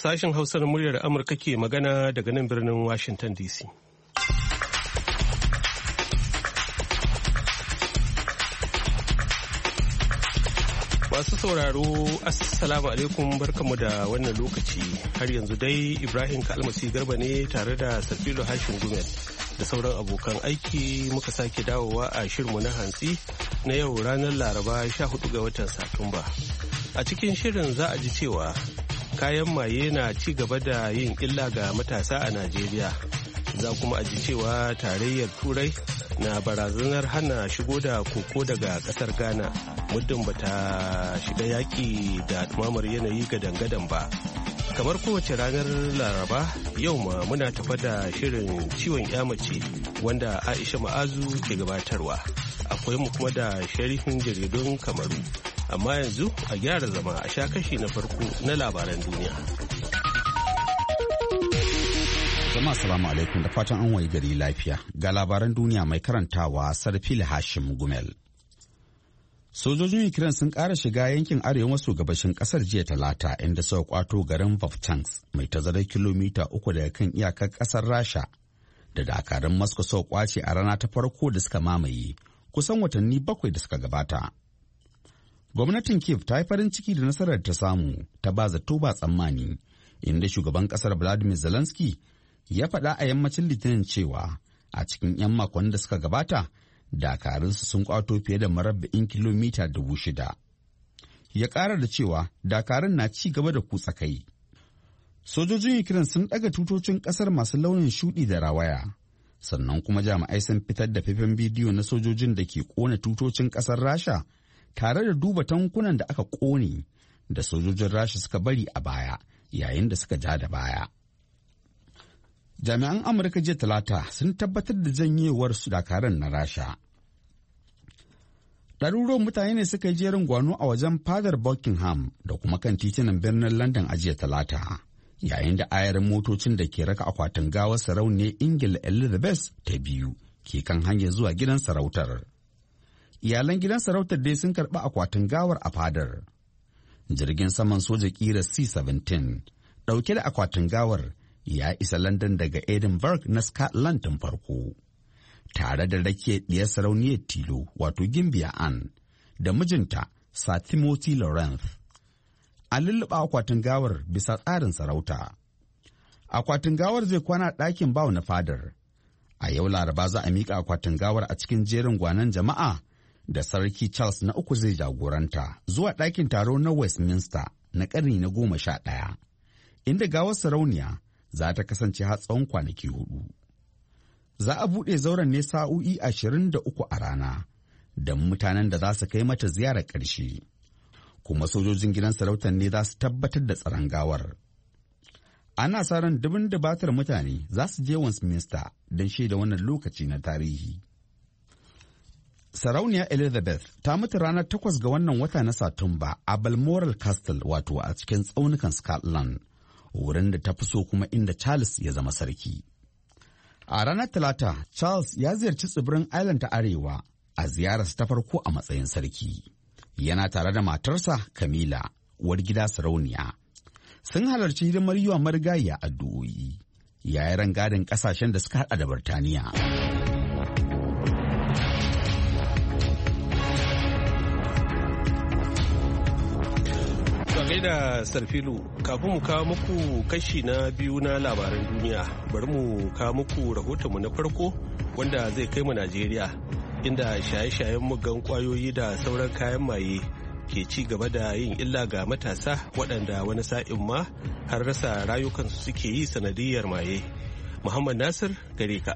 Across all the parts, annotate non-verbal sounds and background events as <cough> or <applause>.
Sashen Hausar muryar Amurka ke magana daga nan birnin Washington DC. Masu sauraro, Assalamu alaikum barkamu da wannan lokaci. Har yanzu dai Ibrahim Kalmasi Garba ne tare da Sarfilo Hashin Gumel da sauran abokan aiki muka sake dawowa a shirmu na hantsi na yau ranar Laraba 14 ga watan Satumba. A cikin shirin za a ji cewa kayan maye na ci gaba da yin illa ga matasa a najeriya za kuma aji cewa tarayyar turai na barazanar hana shigo da koko daga kasar ghana muddin ba ta shiga yaki da tumamar yanayi ga dangadan ba kamar kowace ranar laraba yau ma muna tafa da shirin ciwon yamace wanda aisha ma'azu ke gabatarwa akwai mu kuma da sharifin jaridun kamaru amma yanzu a gyara zama a sha kashi na farko na labaran duniya. Zama salamu alaikum da fatan an wayi gari lafiya ga labaran duniya mai karantawa Sarfil Hashim Gumel. Sojojin Ukraine sun ƙara shiga yankin arewa maso gabashin ƙasar jiya talata inda suka kwato garin Vovchansk mai tazarar kilomita uku daga kan iyakar ƙasar Rasha da dakarun Moscow suka kwace a rana ta farko da suka mamaye kusan watanni bakwai da suka gabata. Gwamnatin Kiev ta yi farin ciki da nasarar ta samu ta ba zato ba tsammani, inda shugaban kasar Vladimir Zelensky ya faɗa a yammacin Litinin cewa a cikin 'yan makon da suka gabata dakarunsu sun kwato fiye da marabba'in kilomita dubu shida. Ya ƙara da cewa dakarun na ci gaba da kutsa kai. Sojojin Ukraine sun ɗaga tutocin ƙasar masu launin shuɗi da rawaya. sannan kuma jami'ai sun fitar da faifan bidiyo na sojojin da ke kona tutocin ƙasar rasha tare da duba tankunan da aka ƙone da sojojin rasha suka bari a baya yayin da suka ja da baya. Jami'an Amurka jiya talata sun tabbatar da janyewar su dakaran na rasha. Ɗaruruwan mutane ne suka yi jerin gwano a wajen fadar Buckingham da kuma kan titunan birnin London a jiya talata. Yayin da ayarin motocin da ke raka akwatin gawar sarauniyar Ingila Elizabeth ta biyu ke kan hanyar zuwa gidan sarautar. iyalan gidan sarautar dai sun karɓi akwatin gawar a fadar jirgin saman soja kira c-17 ɗauke da akwatin gawar ya isa london daga edinburgh na scotland tun farko tare da rake ɗiyar sarauniyar tilo wato gimbiya an da mijinta sir timothy lawrence a lulluɓa akwatin gawar bisa tsarin sarauta akwatin gawar zai kwana ɗakin bawa na fadar a yau laraba za a miƙa akwatin gawar a cikin jerin gwanan jama'a da Sarki Charles na uku zai jagoranta zuwa ɗakin taro na Westminster na ƙarni na goma sha ɗaya, inda gawar sarauniya za ta kasance har tsawon kwanaki hudu. Za a buɗe zauren ne sa'o'i ashirin da uku a rana da mutanen da za su kai mata ziyarar ƙarshe, kuma sojojin gidan sarautar ne za su tabbatar da tsaron gawar. Ana sa ran dubin batar mutane za su je Westminster don shaida wannan lokaci na tarihi. Sarauniya Elizabeth ta mutu ranar takwas ga wannan wata na Satumba a Balmoral Castle wato a cikin tsaunukan Scotland, wurin da ta fi so kuma inda Charles ya zama sarki. A ranar Talata, Charles ya ziyarci tsibirin Island ta Arewa a ziyararsa ta farko a matsayin sarki. Yana tare da matarsa Camilla, uwar gida sarauniya. Sun halarci hidimar yiwa a addu'o'i, yayin rangadin ƙasashen da suka haɗa da Birtaniya. da Sarfilu, kafin mu kawo muku kashi na biyu na labaran duniya, bari mu kawo muku rahotonmu na farko wanda zai kai mu Najeriya, inda shaye-shayen mugan kwayoyi da sauran kayan maye ke ci gaba da yin illa ga matasa waɗanda wani sa'in ma har rasa rayukansu suke yi sanadiyar maye. Muhammad Nasir gare ka.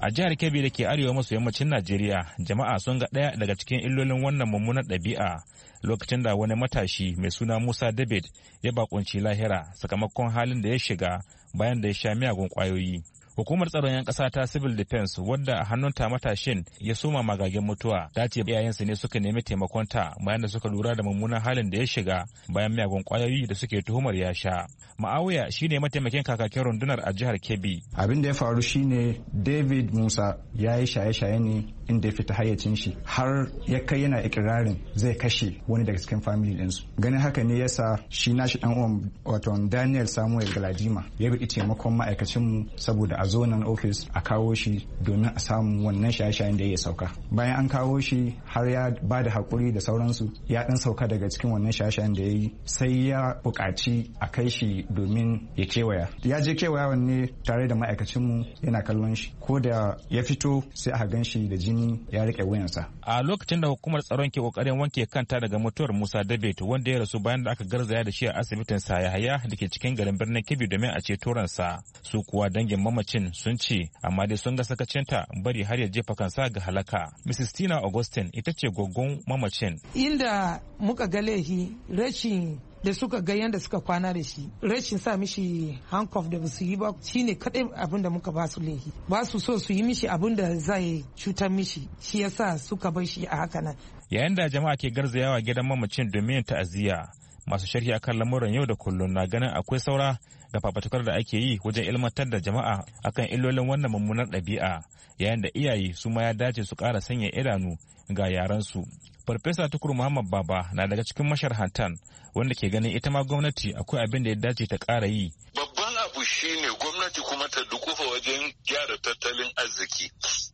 a jihar kebbi da ke arewa maso yammacin najeriya jama'a sun ga ɗaya daga cikin illolin wannan mummunar ɗabi'a lokacin da wani matashi mai suna musa david ya bakunci lahira sakamakon halin da ya shiga bayan da ya sha miyagun kwayoyi Hukumar tsaron 'yan kasa ta Civil Defense wadda a hannunta matashin ya soma magagen mutuwa ta ce iyayensa ne suka nemi taimakonta bayan da suka lura da mummunan halin da ya shiga bayan miyagun kwayoyi da suke tuhumar ya sha. ma'auya shine mataimakin kakakin rundunar a jihar Kebbi. Abin da ya faru shine David Musa ya yi shaye-shaye ne inda ya fita hayyacin shi har ya kai yana ikirarin zai kashe wani daga cikin family su ganin haka ne yasa shi nashi dan uwan wato Daniel Samuel Galadima ya bi taimakon ma'aikacin mu saboda a zo nan office a kawo shi domin a samu wannan shaye-shayen da ya sauka bayan an kawo shi har ya ba da hakuri da sauransu ya dan sauka daga cikin wannan shaye-shayen da ya yi sai ya buƙaci a kai shi domin ya kewaya ya je kewayawan ne tare da ma'aikacin mu yana kallon shi ko da ya fito sai a gan shi da jini jini ya rike wuyansa. A lokacin da hukumar tsaron ke kokarin wanke kanta daga mutuwar Musa David wanda ya rasu bayan da aka garzaya da shi a asibitin sa Sayahaya da ke cikin garin birnin Kebbi domin a ceto ransa. Su kuwa dangin mamacin sun ce amma dai sun ga sakacinta bari har ya jefa kansa ga halaka. Mrs. Tina Augustine ita ce goggon mamacin. Inda muka ga laifi rashin da suka ga yadda suka kwana da shi rashin sa mishi handcuff da basu yi ba shine kadai abin da muka basu lehi ba su so su yi mishi abin da zai cutar mishi shi yasa suka bar shi a haka nan yayin da jama'a ke garzayawa gidan mamacin domin ta'aziyya masu sharhi akan lamuran yau da kullum na ganin akwai saura da fafatukar da ake yi wajen ilmantar da jama'a akan illolin wannan mummunar ɗabi'a yayin da iyaye su ma ya dace su kara sanya idanu ga yaransu farfesa tukur muhammad baba na daga cikin masharhantan wanda ke ganin ita ma gwamnati akwai abin da ya dace ta ƙara yi. Babban abu shine gwamnati kuma ta dukufa wajen gyara tattalin arziki.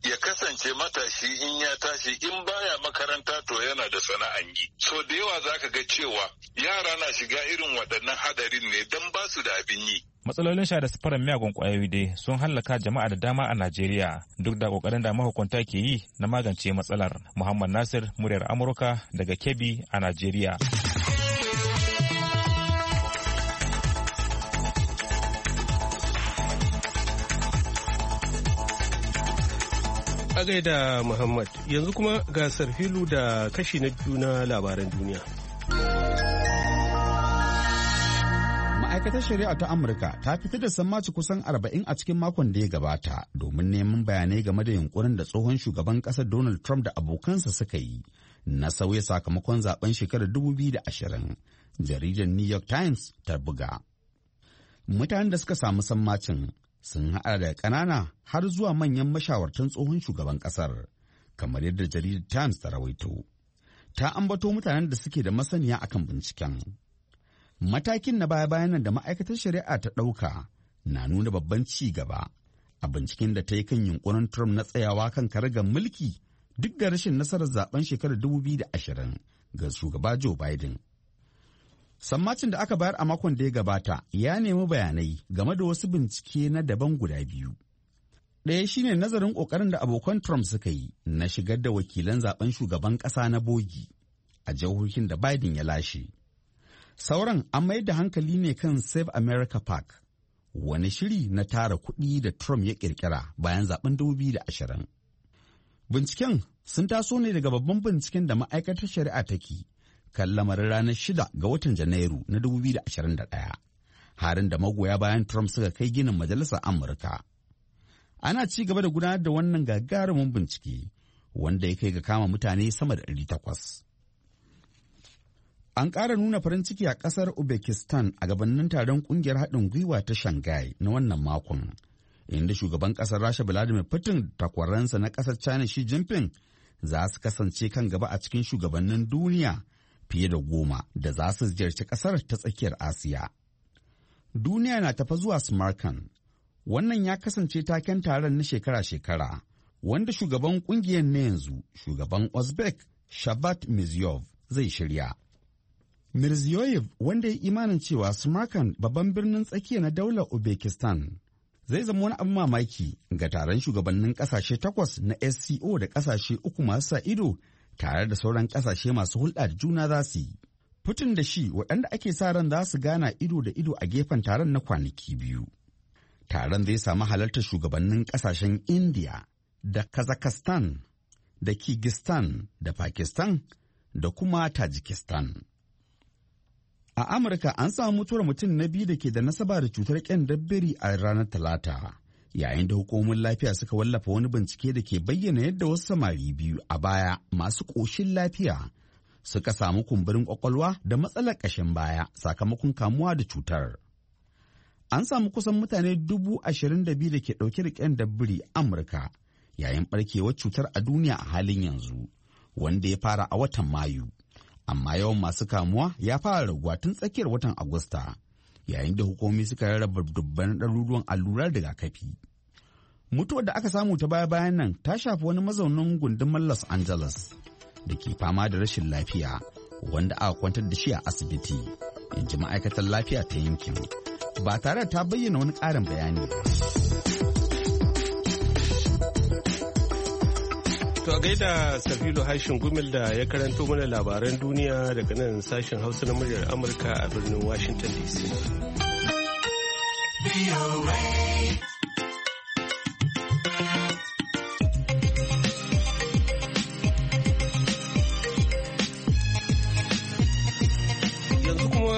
Ya kasance matashi in ya tashi in baya makaranta to yana da sana'an yi. So da yawa za ka ga cewa yara na shiga irin waɗannan hadarin ne don ba su da abin yi. matsalolin sha da sifarin miyagun kwayoyi dai sun hallaka jama'a da dama a najeriya duk da ƙoƙarin da mahukunta ke yi na magance matsalar muhammad nasir muryar amurka daga kebbi a najeriya A gaida Muhammad yanzu kuma gasar filu da kashi na biyu na labaran duniya. Ma'aikatar Shari'a ta Amurka ta fitar da sammaci kusan arba'in a cikin makon da ya gabata domin neman bayanai game da yunkurin da tsohon shugaban ƙasar Donald Trump da abokansa suka yi na sauya sakamakon zaben shekarar ashirin Jaridar New York Times ta buga. Mutanen da suka samu sammacin sun haɗa da ƙanana har zuwa manyan mashawartan tsohon shugaban ƙasar kamar yadda jaridar times ta rawaito ta ambato mutanen da suke da masaniya akan binciken matakin na baya bayanan da ma'aikatar shari'a ta ɗauka na nuna babban ci gaba a binciken da ta yi kan yunkurin trump na tsayawa kan karagar mulki duk da rashin nasarar zaben shekarar 2020 ga shugaba joe biden Sammacin da aka bayar a makon da ya gabata ya nemi bayanai game da wasu bincike na daban guda biyu. Ɗaya shine nazarin ƙoƙarin da abokan Trump suka yi na shigar da wakilan zaben shugaban ƙasa na bogi a jihohin da Biden ya lashe. Sauran an mayar da hankali ne kan Save America Park, wani shiri na tara kuɗi da Trump ya ƙirƙira bayan zaben ashirin. Binciken sun taso ne daga babban binciken da ma'aikatar shari'a take kan lamarin ranar shida ga watan Janairu na 2021, harin da magoya bayan Trump suka kai ginin Majalisar Amurka. Ana ci gaba da gudanar da wannan gagarumin bincike wanda ya kai ga kama mutane sama da 800. An ƙara nuna farin ciki a ƙasar Uzbekistan a gabanin taron ƙungiyar haɗin gwiwa ta Shanghai na wannan makon, inda shugaban ƙasar Rasha Vladimir Putin takwaransa na ƙasar China Xi Jinping za su kasance kan gaba a cikin shugabannin duniya fiye da goma da za su ziyarci kasar ta tsakiyar asiya duniya na tafa zuwa smarkan wannan ya kasance taken taron na shekara-shekara wanda shugaban ƙungiyar na yanzu shugaban uzbek shabat mirziyov zai shirya mirziyoyev wanda ya imanin cewa smarkan babban birnin tsakiya na daular uzbekistan zai zama wani abin mamaki ga taron shugabannin ƙasashe takwas na sco da ƙasashe uku masu sa ido tare da sauran kasashe masu hulɗa da juna za su yi. Putin da shi waɗanda ake sa ran za su gana ido da ido a gefen taron na kwanaki biyu. Taron zai samu halartar shugabannin ƙasashen India da Kazakhstan da Kyrgyzstan da Pakistan da kuma Tajikistan. A Amurka an samu mutuwar mutum na biyu da ke da nasaba da cutar ƙyan dabbiri a ranar Talata. yayin da hukumomin lafiya suka wallafa wani bincike da ke bayyana yadda wasu samari biyu a baya masu ƙoshin lafiya suka samu kumburin kwakwalwa da matsalar ƙashin baya sakamakon kamuwa da cutar. An samu kusan mutane dubu ashirin da biyu da ke ɗauke da ƙyan dabbiri Amurka yayin ɓarkewar cutar a duniya a halin yanzu, wanda ya fara a watan Mayu. Amma yawan masu kamuwa ya fara raguwa tun tsakiyar watan Agusta. yayin da hukumomi suka rarraba dubban ɗaruruwan allurar rigakafi. Mutuwar da aka samu ta baya bayan nan ta shafi wani mazaunin gundumar Los Angeles da ke fama da rashin lafiya wanda aka kwantar da shi a asibiti, in ji ma'aikatar lafiya ta yankin, ba tare ta bayyana wani ƙarin bayani To a gaida Safilo Hashin gumil da ya karanto mana labaran duniya daga nan sashen Hausa na muryar Amurka a birnin Washington DC.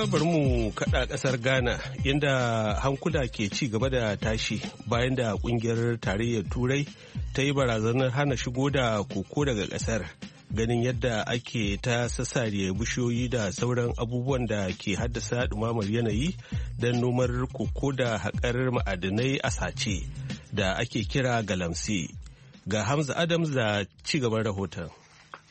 kuma bari mu kada kasar Ghana inda hankula ke ci gaba da tashi bayan da kungiyar tarayyar turai ta yi barazanar hana shigo da koko daga kasar ganin yadda ake ta sassare bishiyoyi da sauran abubuwan da ke haddasa dumamar yanayi don nomar koko da haƙar ma'adinai a sace da ake kira galamsi ga Hamza Adams da cigaban rahoton.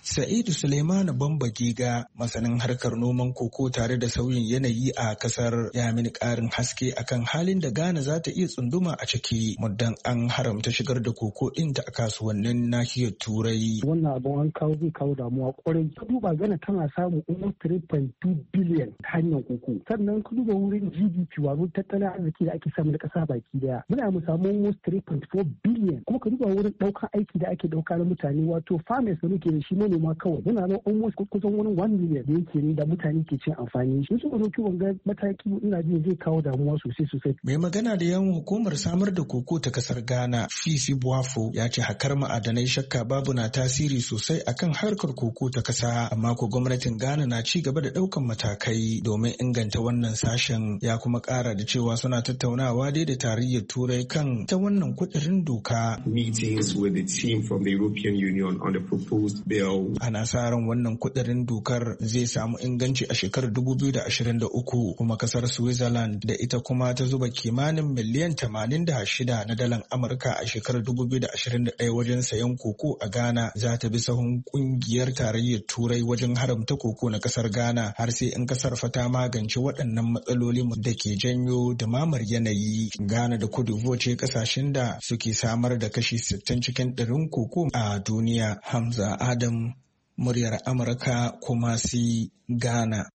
Sa'idu Suleiman Bamba Giga masanin harkar noman koko tare da sauyin yanayi a kasar ya mini ƙarin haske akan halin da Ghana za ta iya tsunduma a ciki muddan an haramta shigar da koko din ta a kasuwannin nahiyar Turai. Wannan abin an kawo zai kawo damuwa kwarai. Ka duba Ghana tana samun almost 3.2 biliyan hanyar koko. Sannan ka duba wurin GDP wato tattalin arziki da ake samu na ƙasa baki daya. Muna mu samu almost 3.4 biliyan. Kuma ka duba wurin ɗaukan aiki da ake ɗauka na mutane wato farmers da muke da shi manoma kawai yana nan almost kusan wani one million da yake ne da mutane ke cin amfani shi su kiwon ga mataki ina jin zai kawo damuwa sosai sosai. mai magana da yawan hukumar samar da koko ta kasar ghana Fifi buwafo ya ce hakar ma'adanai shakka babu na tasiri sosai akan harkar koko ta kasa amma ko gwamnatin ghana na ci gaba da ɗaukan matakai domin inganta wannan sashen ya kuma kara da cewa suna tattaunawa dai da tarayyar turai kan ta wannan kudirin doka. meetings with the team from the european union on the proposed bill ana sa ran wannan kudirin dokar zai samu inganci a shekarar 2023 kuma kasar switzerland da ita kuma ta zuba kimanin miliyan 86 na dalan amurka a shekarar 2021 wajen sayan koko a ghana za ta bi sahun kungiyar tarayyar turai wajen haramta koko na kasar ghana har sai in kasar fata magance waɗannan matsaloli da ke janyo dumamar yanayi ghana da kudu ce kasashen da suke samar da kashi sittin cikin ɗarin koko a duniya hamza adam muryar Amurka kuma si Ghana.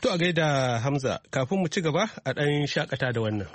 To a gaida Hamza, kafin mu ci gaba a ɗan shakata da wannan.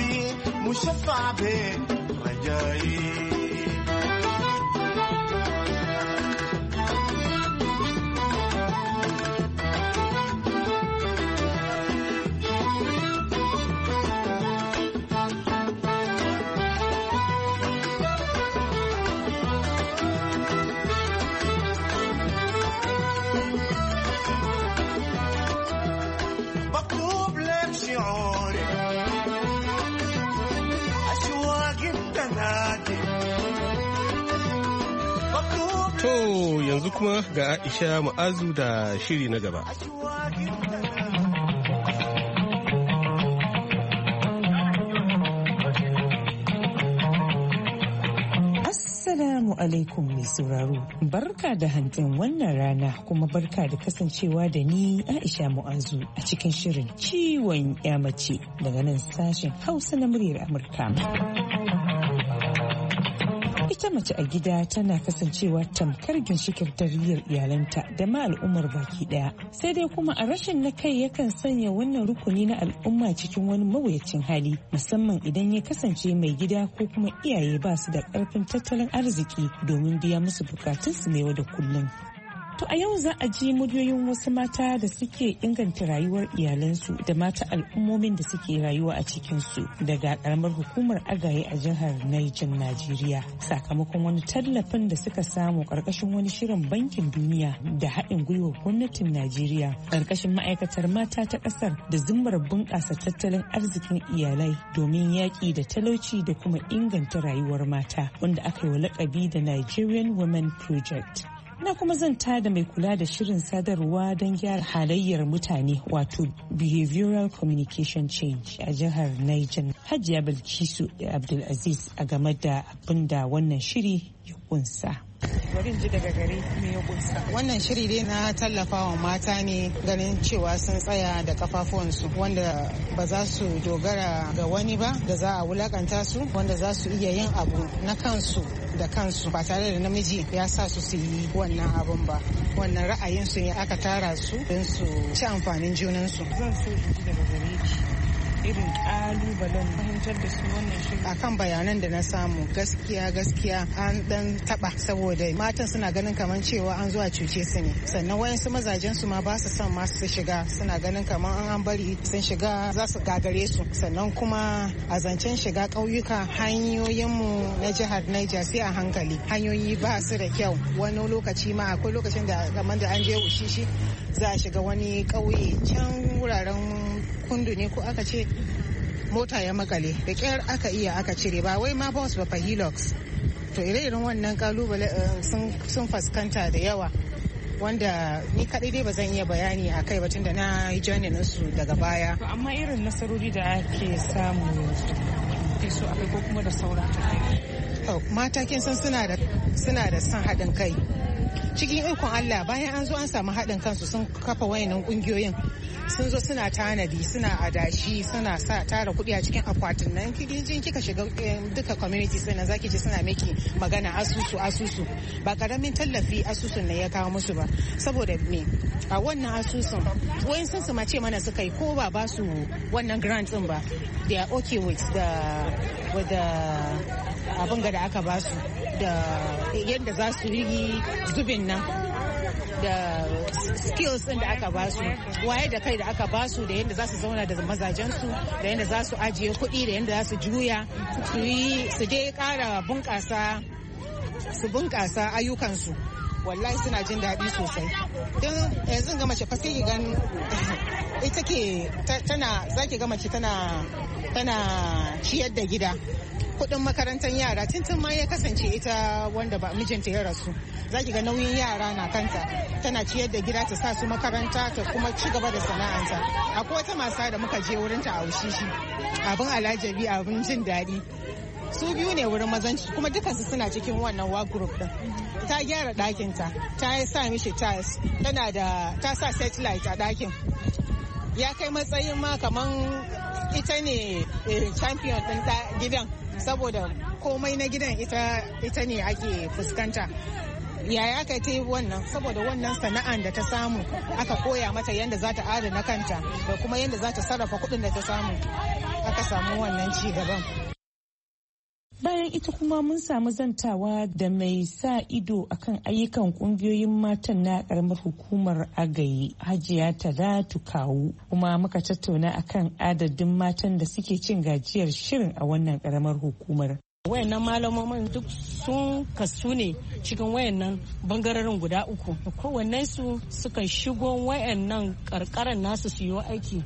حبيب مشفع بين رجائي بقوب To yanzu kuma ga Aisha Mu'azu da shiri na gaba. Assalamu alaikum mai sauraro. Barka da hantsin wannan rana kuma barka da kasancewa da ni Aisha Mu'azu a cikin shirin ciwon ya mace daga nan sashen Hausa na muryar Amurka. wata mace a gida tana kasancewa tamkar ginshikin tarihiyar iyalanta da ma al'ummar baki daya sai dai kuma a rashin na kai yakan sanya wannan rukuni na al'umma cikin wani mawuyacin hali musamman idan ya kasance mai gida ko kuma iyaye ba su da karfin tattalin arziki domin biya musu bukatunsu ne yau da kullum To a yau za a ji muryoyin wasu mata da suke inganta rayuwar iyalansu da mata al'ummomin da suke rayuwa a cikinsu daga karamar hukumar agaye a jihar Naijin Najeriya sakamakon wani tallafin da suka samu karkashin wani shirin bankin duniya da haɗin gwiwar gwamnatin Najeriya karkashin ma'aikatar mata ta ƙasar da zimmar bunƙasa tattalin arzikin iyalai domin yaƙi da talauci da kuma inganta rayuwar mata wanda aka yi wa lakabi da Nigerian Women Project. na kuma zan tada mai kula da shirin sadarwa don gyara halayyar mutane wato behavioral communication change a jihar Niger Hajiya Bilkisu Abdulaziz a game da abin da wannan shiri ya kunsa. bari ji daga gari me ya kunsa wannan shiri dai na tallafawa mata ne ganin cewa sun tsaya da kafafuwansu wanda ba za su dogara ga wani ba da za a wulakanta su wanda za su iya yin abu na kansu da kansu ba tare da namiji ya sa su su yi wannan abun ba wannan ra'ayin su ne aka tara su don su ci amfanin junansu zan so daga gare irin kalubalen fahimtar da su wannan shirin akan bayanan da na samu gaskiya gaskiya an dan taba saboda matan suna ganin kamar cewa an zuwa cuce su ne sannan wayansu mazajen su ma ba su son ma su shiga suna ganin kamar an an bari sun shiga za su gagare su sannan kuma a zancen shiga ƙauyuka hanyoyinmu na jihar Niger sai a hankali hanyoyi ba su da kyau wani lokaci ma akwai lokacin da kamar da an je shishi za a shiga wani ƙauye can wuraren kundu ne ko aka ce mota ya makale da kyar aka iya aka cire ba wai ma bus ba hilux to ire-iren wannan kalubale eh, sun fuskanta da yawa wanda ni kaɗai dai ba zan iya bayani a kai batun da na yi jani nasu daga baya. amma irin nasarori da ake samu su akai ko kuma da saura ta kai. mata kin suna da son haɗin kai cikin ikon Allah bayan an zo an samu haɗin kansu sun kafa wayannan ƙungiyoyin sun zo suna tanadi suna adashi suna sa tara kuɗi a cikin akwatin nan kika shiga eh, duka community sannan zaki ji suna miki magana asusu asusu ba karamin tallafi asusun ne ya kawo musu ba saboda me a wannan asusun wayan sun su mace mana suka yi ko ba ba su wannan grant din ba they are okay with the with the abin ga da aka ba su da yadda za su yi zubin nan da skills ɗin da aka ba su waye da kai da aka ba su da yadda za su zauna da mazajensu da yadda za su ajiye kuɗi da yadda za su juya su yi su ƙara bunƙasa su bunƙasa ayyukansu wallahi suna jin daɗi sosai don yanzu ga mace fasi ki gan <laughs> ita ke tana zaki ga mace tana ciyar da gida kuɗin makarantar yara tuntun ma ya kasance ita wanda ba mijinta ya rasu za ki ga nauyin yara na kanta tana ciyar da gida ta sa su makaranta ta kuma ci gaba da sana'anta akwai wata masa da muka je wurin ta a wushishi abin alajabi abin jin daɗi su biyu ne wurin mazanci kuma dukansu suna cikin wannan wa group din ta gyara ɗakinta ta yi sa mishi tiles tana da ta sa satellite a ɗakin ya kai matsayin ma kaman ita ne eh, champion ta gidan saboda komai na gidan ita ne ake fuskanta yaya ka ta yi wannan saboda wannan sana'an da ta samu aka koya mata yadda za ta adana kanta da kuma yadda za ta sarrafa kuɗin da ta samu aka samu wannan ci gaban bayan ita kuma mun samu zantawa da mai sa ido akan ayyukan kungiyoyin matan na karamar hukumar agayi hajiya talatu kawu kuma muka tattauna akan adadin matan da suke cin gajiyar shirin a wannan karamar hukumar wayannan malamomin duk sun kasu ne cikin wayannan bangararin guda uku kowannen su sukan shigo wayannan karkaran nasu su yi aiki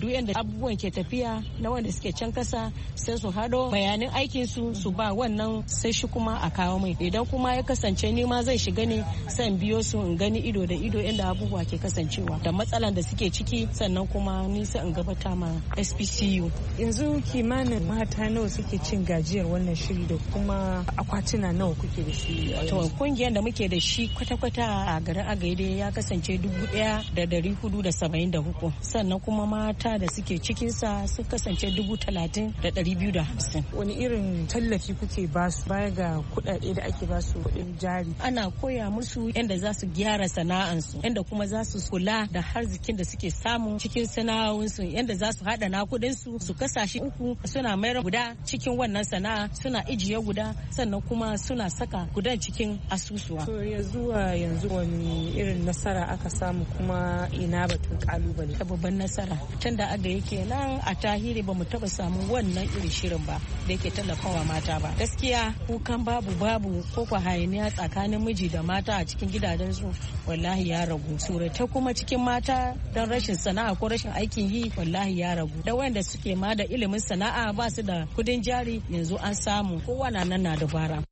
duk yadda abubuwan ke tafiya na wanda suke can kasa sai su hado bayanin aikin su su ba wannan sai shi kuma a kawo mai idan kuma ya kasance ni ma zai shiga ne san biyo su in gani ido da ido inda abubuwa ke kasancewa da matsalan da suke ciki sannan kuma ni sai in gabata ma SPCU yanzu kimanin mata nawa suke cin gajiyar wannan shiri da kuma akwatuna nawa kuke da shi to kungiyar da muke da shi kwata-kwata a garin Agaide ya kasance dubu daya da dari hudu sannan kuma mata mata da suke cikinsa sun kasance dubu talatin da ɗari biyu da hamsin. Wani irin tallafi kuke ba su baya ga kuɗaɗe da ake ba su kuɗin jari? Ana koya musu yadda za su gyara sana'ansu, yadda kuma za su kula da harzikin da suke samu cikin sana'o'insu, yadda za su haɗa nakudinsu su kasa kasashe uku suna mayar guda cikin wannan sana'a suna ijiye guda sannan kuma suna saka gudan cikin asusuwa. To ya zuwa yanzu wani irin nasara aka samu kuma ina batun kalubale. Babban nasara. abin da aga yake nan a tahiri ba mu taba samu wannan irin shirin ba da yake tallafawa mata ba gaskiya kukan babu babu ko kwa hayaniya tsakanin miji da mata a cikin gidajen su wallahi ya ragu ta kuma cikin mata don rashin sana'a ko rashin aikin yi wallahi ya ragu da wanda suke ma da ilimin sana'a ba su da kudin jari yanzu an samu kowa na nan na dabara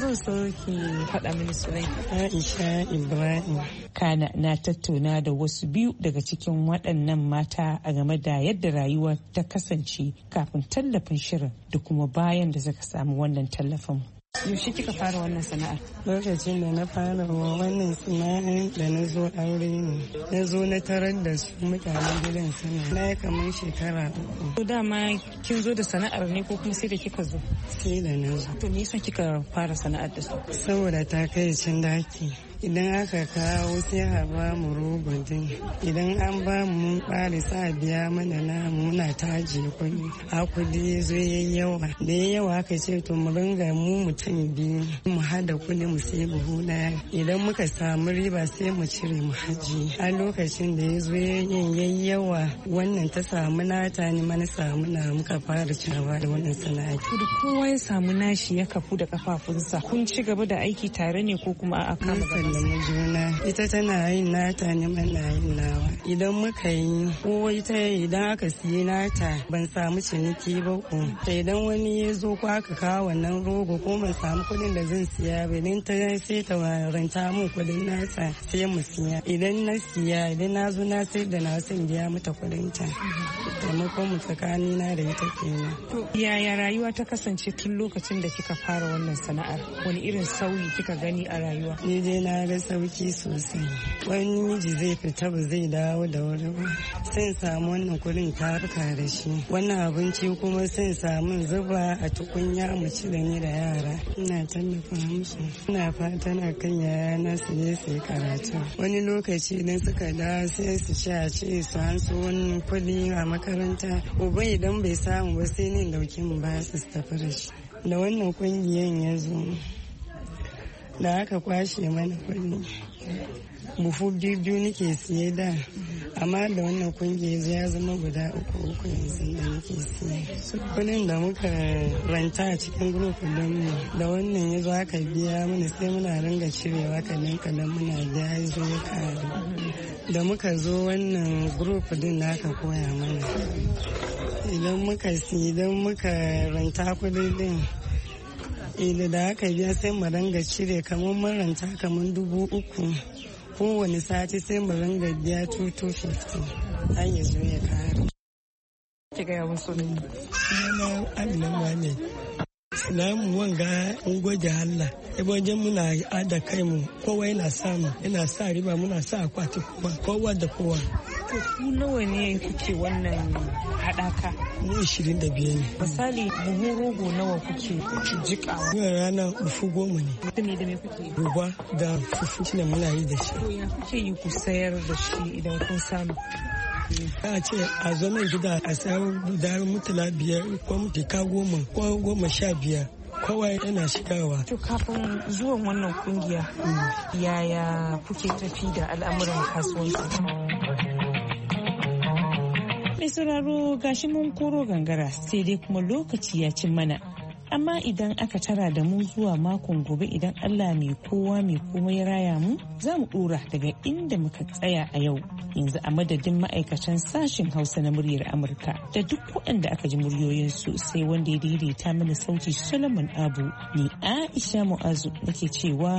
Zan so ki faɗa mini sunan Aisha Ibrahim. Kana na tattauna da wasu biyu daga cikin waɗannan mata a game da yadda rayuwa ta kasance kafin tallafin shirin da kuma bayan da suka samu wannan tallafin. Yaushe kika fara wannan sana'ar? Lokacin da na fara wa wannan sana'ar da na zo aure ne. Na zo na tarar da su mutanen gidan suna. Na yi kamar shekara uku. To dama kin zo da sana'ar ne ko kuma sai da kika zo? Sai da na zo. To me yasa kika fara sana'ar da su? Saboda ta kai cin daki. idan aka kawo sai a ba mu rogon idan an ba mu sa biya mana na muna taji kuɗi a kuɗi zo ya yawa da ya yawa aka ce to mu ringa mu mutum biyu mu hada kuɗi mu sai buhu ɗaya idan muka samu riba sai mu cire mu haji a lokacin da ya zo ya yawa wannan ta samu nata ni mana samu na muka fara cawa da wannan sana'a. Duk kowa ya samu nashi ya kafu da kafafunsa kun ci gaba da aiki tare ne ko kuma a kama da juna ita tana yin nata ni na yin nawa idan muka yi ko ita idan aka siye nata ban samu ciniki ba ko idan wani ya zo ko aka kawo wannan rogo ko ban samu kuɗin da zan siya ba idan ta sai ta ranta min kuɗin nata sai mu siya idan na siya idan na zo na sai da na san biya mata kuɗin ta taimakon mu tsakanina da ita kenan. Yaya rayuwa ta kasance tun lokacin da kika fara wannan sana'ar wani irin sauyi kika gani a rayuwa? Ni dai na na ga sauki sosai wani miji zai fita ba zai dawo da wuri ba sai samu wannan kurin taruka da shi wannan abinci kuma sai samu zuba a tukunya mu ci da ni da yara ina tallafa musu ina fatan a yaya na su ne su karatu wani lokaci ne suka dawo sai su ci a ce su hansu wani kudi a makaranta uba idan bai samu ba sai ne dauki mu ba su tafi da shi da wannan kungiyan ya zo da aka kwashe mana kuɗi bufu biyu nake siye da amma da wannan yanzu ya zama guda uku uku yanzu da nake siye kudin da muka ranta a cikin gurufin don da wannan yanzu aka biya mana sai muna ringa cirewa kadan kadan muna biya ya zo da muka zo wannan guruf din da aka koya mana idan muka siye idan muka ranta kudin din Ili da aka biya sai mu ranga cire kamar mun ranta kamar dubu uku kowane sati sai mu ranga biya 250 an yi zo ya kare. Ki gaya musu ne. Sunana Amina Na mu wanga mun gwaje Allah. Ibojen muna ada kai mu kowa yana samu yana sa riba muna sa akwati kowa da kowa. to su nawa ne kuke wannan haɗaka? Ni ishirin da biyar ne. Misali buhun rogo nawa kuke jika? Yau rana ufu goma ne. Da ne da me kuke? Ruba da fufu shine muna yi da shi. ya kuke yi ku sayar da shi idan kun samu? a ce a zo nan gida a sayar guda mutala biyar ko mutuka goma ko goma sha biyar kawai yana shigawa. To kafin zuwan wannan kungiya mm. yaya kuke tafi da al'amuran kasuwanci? mai sauraro gashi mun koro gangara sai dai kuma lokaci ya cin mana. Amma idan aka tara da mu zuwa makon gobe idan Allah mai kowa mai komai ya raya mu za mu dora daga inda muka tsaya a yau. Yanzu a madadin ma'aikatan sashen Hausa na muryar Amurka da duk waɗanda aka ji muryoyinsu sai wanda ya daidaita mana sauti Solomon Abu ne Aisha Mu'azu nake cewa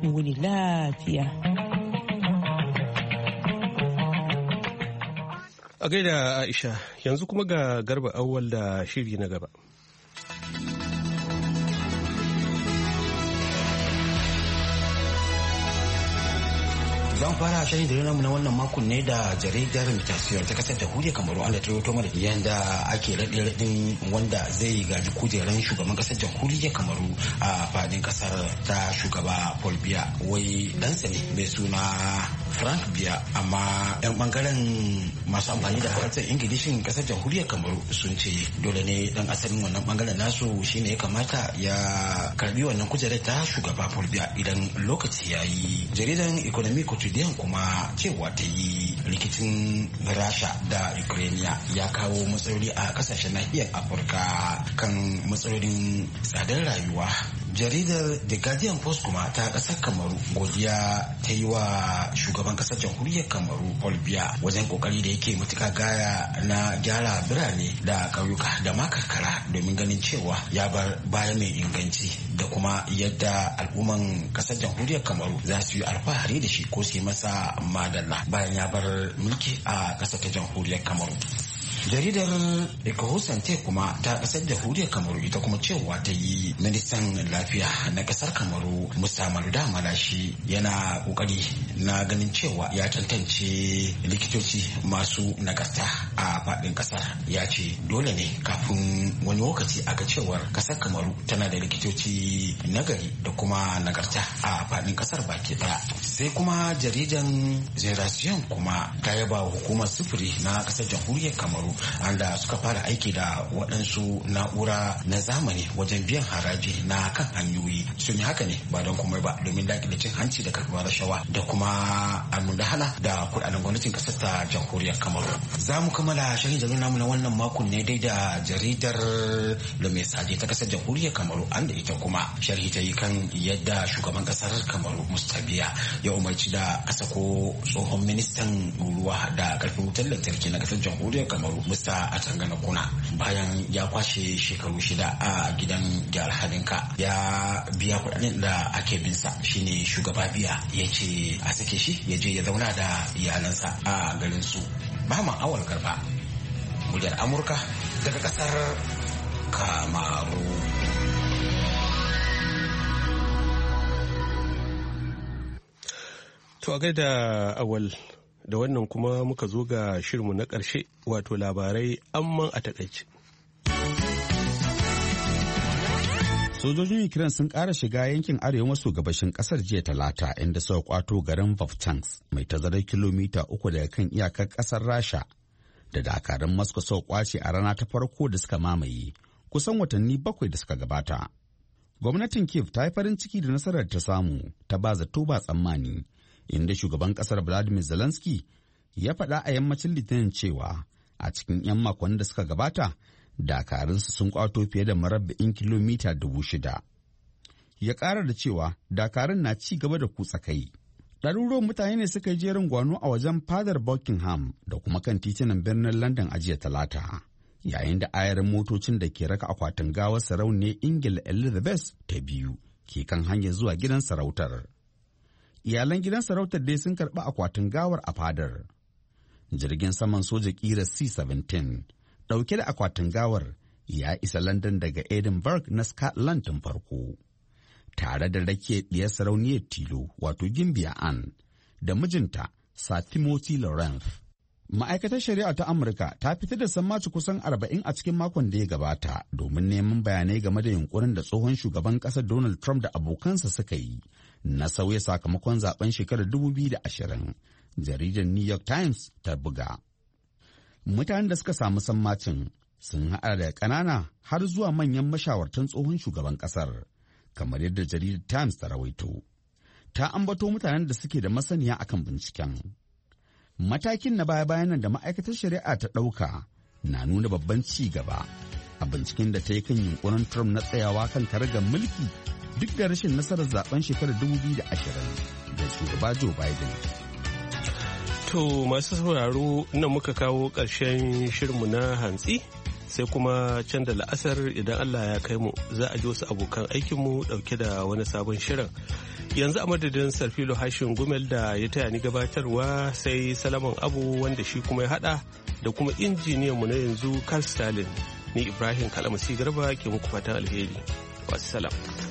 mu wuni lafiya. A gaida Aisha, yanzu kuma ga garba awwal da shiri na gaba. zan fara shayi da na wannan makon ne da jaridar mutasiyar ta kasar jamhuriyar kamaru an da turo mana yadda ake raɗin wanda zai gaji kujeran shugaban kasar jamhuriyar kamaru a fadin kasar ta shugaba paul wai ɗansa ne mai suna frank biya amma 'yan bangaren masu amfani da harshen ingilishin kasar jamhuriyar kamaru sun ce dole ne dan asalin wannan bangaren nasu shine ya kamata ya karbi wannan kujerar ta shugaba fulbiya idan lokaci ya yi jaridan economy quotidian kuma cewa ta yi rikicin rasha da ukraine ya kawo matsaloli a kasashen nahiyar afirka kan matsalolin tsadar rayuwa jaridar the guardian post kuma ta kasar kamaru godiya ta yi wa shugaban kasar jamhuriyar kamaru paul biya wajen kokari da yake matuka gaya na gyara birane da ƙauyuka da ma domin ganin cewa ya bar baya mai inganci da kuma yadda al'umman kasar jamhuriyar kamaru za su yi alfahari da shi ko su yi masa madalla bayan ya bar mulki a kasar ta jamhuriyar kamaru jaridar te kuma ta kasar da kamaru ita kuma cewa ta yi ministan lafiya na kasar kamaru musa maluda malashi yana kokari na ganin cewa ya tantance likitoci masu nagarta a faɗin kasar ya ce dole ne kafin wani lokaci aka cewar kasar kamaru tana da likitoci nagari da kuma nagarta a faɗin kasar baki ɗaya sai kuma jaridan zeration kuma ta yaba hukumar sufuri na kasar jamhuriyar kamaru anda suka fara aiki da waɗansu na'ura na zamani wajen biyan haraji na kan hanyoyi sun yi haka ne ba don komai ba domin dakile cin hanci da karɓar rashawa da kuma almudahana da kuɗaɗen gwamnatin ƙasar ta jamhuriyar kamaru za mu kammala shirin jaridar namu na wannan makon ne dai da jaridar lumisaje ta ƙasar jamhuriyar kamaru an da ita kuma sharhi ta yi kan yadda shugaban ƙasar kamaru mustabiya ya umarci da a tsohon ministan ruwa da karfin wutar lantarki na ƙasar jamhuriyar kamaru Mr. Atangana Kuna bayan ya kwashe shekaru shida a gidan jihar Hadinka ya biya kuɗaɗen da ake binsa shine shugaba biya ya ce a sake shi ya je ya zauna da iyalansa a garin su. Mahama Awal Garba, muryar Amurka daga ƙasar Kamaru. To a gaida awal da wannan kuma muka zo ga shirinmu na ƙarshe wato labarai amman a takaice. sojojin ukraine sun ƙara shiga yankin arewa maso gabashin ƙasar jiya talata inda suka kwato garin vovchanks mai tazarar kilomita uku daga kan iyakar ƙasar rasha da dakarun masu suka kwace a rana ta farko da suka mamaye kusan watanni bakwai da suka gabata gwamnatin kiev ta yi farin ciki da nasarar ta samu ta ba zato ba tsammani inda shugaban kasar Vladimir Zelensky ya faɗa a yammacin litinin cewa a cikin 'yan makon da suka gabata dakarunsu sun kwato fiye da marabba'in kilomita dubu shida. Ya ƙara da cewa dakarun na ci gaba da kutsa kai. Ɗaruruwan mutane ne suka yi jerin gwano a wajen fadar Buckingham da kuma kan titunan birnin London a jiya talata. Yayin da ayarin motocin da ke raka akwatin gawar sarauniyar Ingila Elizabeth ta biyu ke kan hanyar zuwa gidan sarautar. iyalan gidan sarautar dai sun karɓi akwatin gawar a fadar jirgin saman soja kira c-17 ɗauke da akwatin gawar ya isa london daga edinburgh na scotland tun farko tare da rake ɗiyar sarauniyar tilo wato gimbiya an da mijinta sir timothy lawrence ma'aikatar shari'a ta amurka ta fitar da sammaci kusan arba'in a cikin makon da ya gabata domin neman bayanai game da yunkurin da tsohon shugaban ƙasar donald trump da abokansa suka yi na sauya sakamakon zaben shekarar 2020 jaridar new york times ta buga mutanen da suka samu sammacin sun haɗa da ƙanana har zuwa manyan mashawartan tsohon shugaban ƙasar kamar yadda jaridar times ta rawaito ta ambato mutanen da suke da masaniya akan binciken matakin na baya bayanan da ma'aikatar shari'a ta ɗauka na nuna babban ci gaba a binciken da ta yi kan yunkurin Trump na tsayawa kan karagar mulki duk da rashin nasarar zaben shekarar 2020 da shugaba Joe Biden. To masu sauraro nan muka kawo ƙarshen shirinmu na hantsi sai kuma can da la'asar idan Allah ya kai mu za a ji wasu abokan aikinmu ɗauke da wani sabon shirin. yanzu a madadin sarfilo hashin gumel da ya taya ni gabatarwa sai salaman abu wanda shi kuma ya hada da kuma mu na yanzu carl stalin ni ibrahim kalamasi garba ke muku fatan alheri wassalam